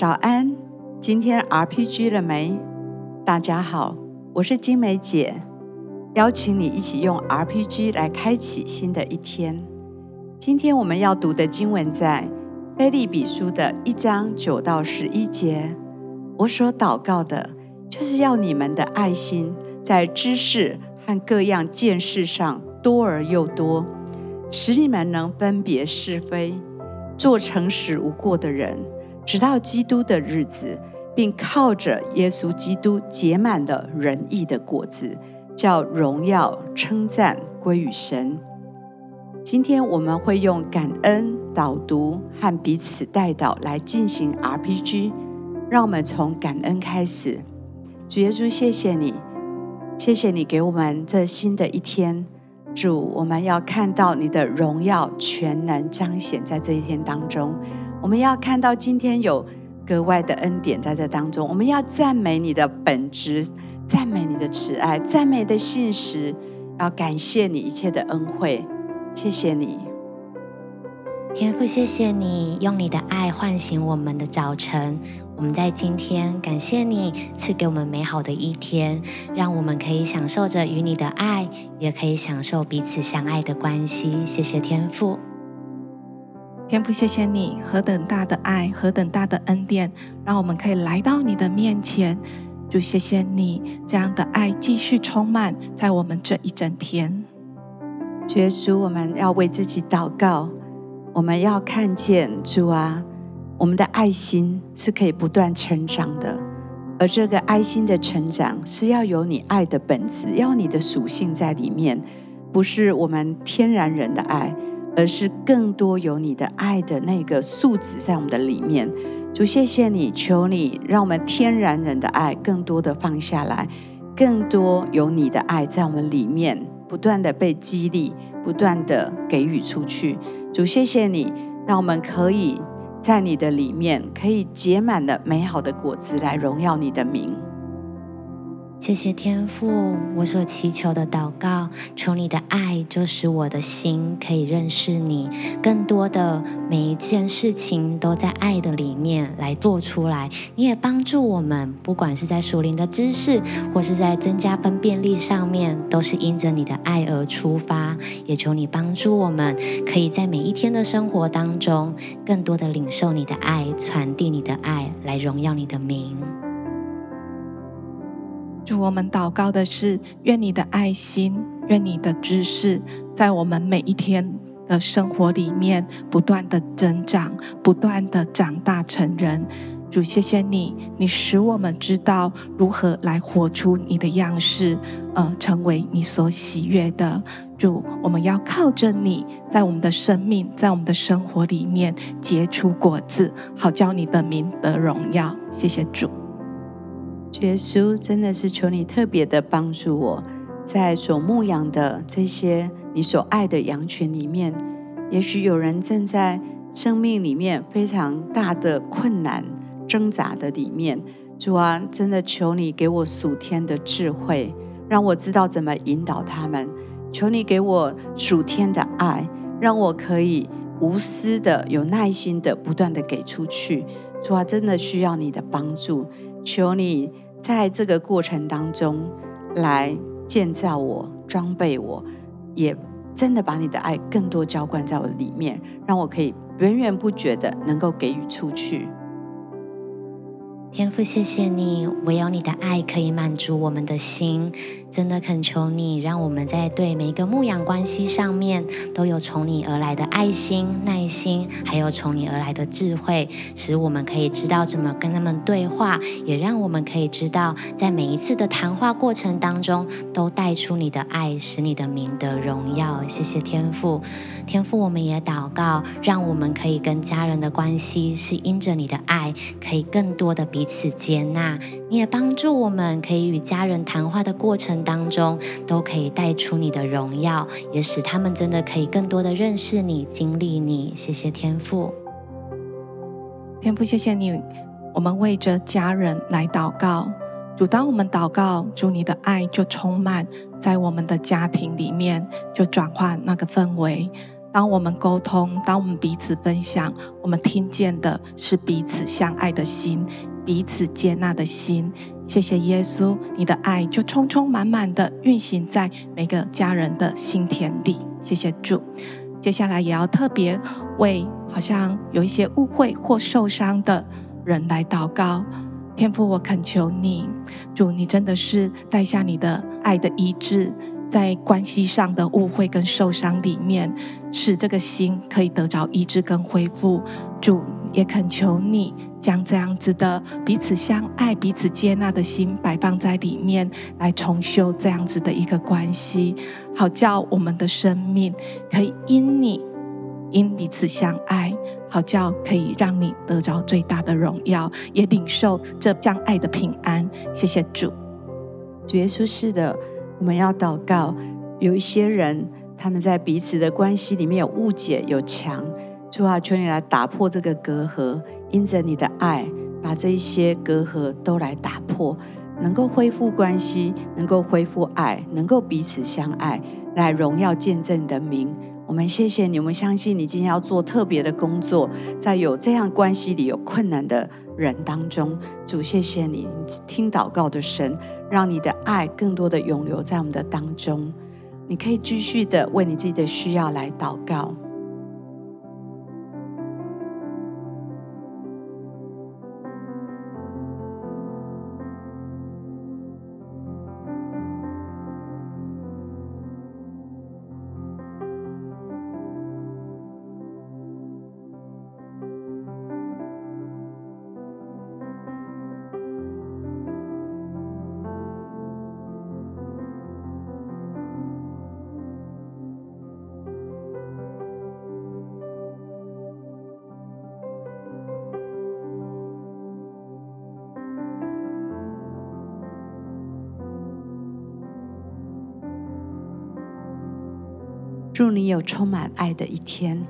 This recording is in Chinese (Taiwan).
早安，今天 RPG 了沒？大家好，我是晶玫姊，邀請你一起用 RPG 來開啟新的一天。今天我們要讀的經文在《腓立比書》的一章九到十一節。我所禱告的，就是要你們的愛心在知識和各樣見識上多而又多，使你們能分別是非，做誠實無過的人。直到基督的日子，並靠着耶穌基督結滿了仁義的果子，叫榮耀稱讚歸於神。今天我們會用感恩導讀和彼此代禱來進行 RPG，讓我們從感恩開始。主耶穌，謝謝你，謝謝你給我們這新的一天。主，我們要看到你的榮耀、全能彰顯在這一天當中。我們要看到今天有格外的恩典在這當中，我們要讚美你的本質，讚美你的慈愛，讚美的信實，要感謝你一切的恩惠。謝謝你，天父，謝謝你用你的愛喚醒我們的早晨。我們在今天感謝你賜給我們美好的一天，讓我們可以享受着與你的愛，也可以享受彼此相愛的關係。謝謝天父。天父，謝謝你何等大的愛，何等大的恩典，讓我們可以來到你的面前。主，謝謝你這樣的愛，繼續充滿在我們這一整天。耶穌，我們要為自己禱告，我們要看見主啊，我們的愛心是可以不斷成長的。而這個愛心的成長，是要有你愛的本質，要你的屬性在裡面，不是我們天然人的愛。而是更多有你的愛的那個素質在我們的裡面，主謝謝你，求你讓我們天然人的愛更多的放下來，更多有你的愛在我們裡面不斷的被激勵，不斷的給予出去。主謝謝你，讓我們可以在你的裡面可以結滿了美好的果子來榮耀你的名。謝謝天父，我所祈求的禱告，求你的愛，就使我的心可以認識你。更多的每一件事情都在愛的裡面來做出來。你也幫助我們，不管是在屬靈的知識，或是在增加分辨力上面，都是因着你的愛而出發。也求你幫助我們，可以在每一天的生活當中，更多的領受你的愛，傳遞你的愛，來榮耀你的名。主，我們禱告的是：願你的愛心，願你的知識，在我們每一天的生活裡面不斷的增長，不斷的長大成人。主，謝謝你，你使我們知道如何來活出你的樣式，呃，成為你所喜悅的。主，我們要靠着你在我們的生命，在我們的生活裡面結出果子，好叫你的名得榮耀。謝謝主。耶穌真的是求你特別的幫助我，在所牧養的這些你所愛的羊群裡面，也許有人正在生命裡面非常大的困難掙扎的裡面。主啊，真的求你給我屬天的智慧，讓我知道怎麼引導他們。求你給我屬天的愛，讓我可以無私的、有耐心的、不斷的給出去。主啊，真的需要你的幫助。求你在這個過程當中，來建造我、裝備我，也真的把你的愛更多澆灌在我裡面，讓我可以源源不絕的能夠給予出去。天父，謝謝你，唯有你的愛可以滿足我們的心。真的懇求你，讓我們在對每一個牧養關係上面，都有從你而來的愛心、耐心，還有從你而來的智慧，使我們可以知道怎麼跟他們對話，也讓我們可以知道，在每一次的談話過程當中，都帶出你的愛，使你的名得榮耀。謝謝天父，天父，我們也禱告，讓我們可以跟家人的關係是因着你的愛，可以更多的彼此接納。你也幫助我們可以與家人談話的過程。當中都可以帶出你的榮耀，也使他們真的可以更多的認識你、經歷你。謝謝天父，天父謝謝你，我們為着家人來禱告。主，當我們禱告，主你的愛就充滿在我們的家庭裡面，就轉換那個氛圍。當我們溝通，當我們彼此分享，我們聽見的是彼此相愛的心，彼此接納的心。謝謝耶穌，你的愛就充充滿滿的運行在每個家人的心田裡。謝謝主，接下來也要特別為好像有一些誤會或受傷的人來禱告。天父，我懇求你，主，你真的是帶下你的愛的醫治，在關係上的誤會跟受傷裡面，使這個心可以得着醫治跟恢復。主。也懇求你將這樣子的彼此相愛、彼此接納的心擺放在裡面，來重修這樣子的一個關係，好叫我們的生命可以因你因彼此相愛，好叫可以讓你得着最大的榮耀，也領受這相愛的平安。謝謝主。主耶穌，是的，我們要禱告。有一些人，他們在彼此的關係裡面有誤解、有牆。主啊，求你來打破這個隔閡，因着你的愛，把這一些隔閡都來打破，能夠恢復關係，能夠恢復愛，能夠彼此相愛，來榮耀見證你的名。我們謝謝你，我們相信你今天要做特別的工作，在有這樣關係裡有困難的人當中，主謝謝你，聽禱告的神，讓你的愛更多的湧流在我們的當中。你可以繼續的為你自己的需要來禱告。祝你有充滿愛的一天。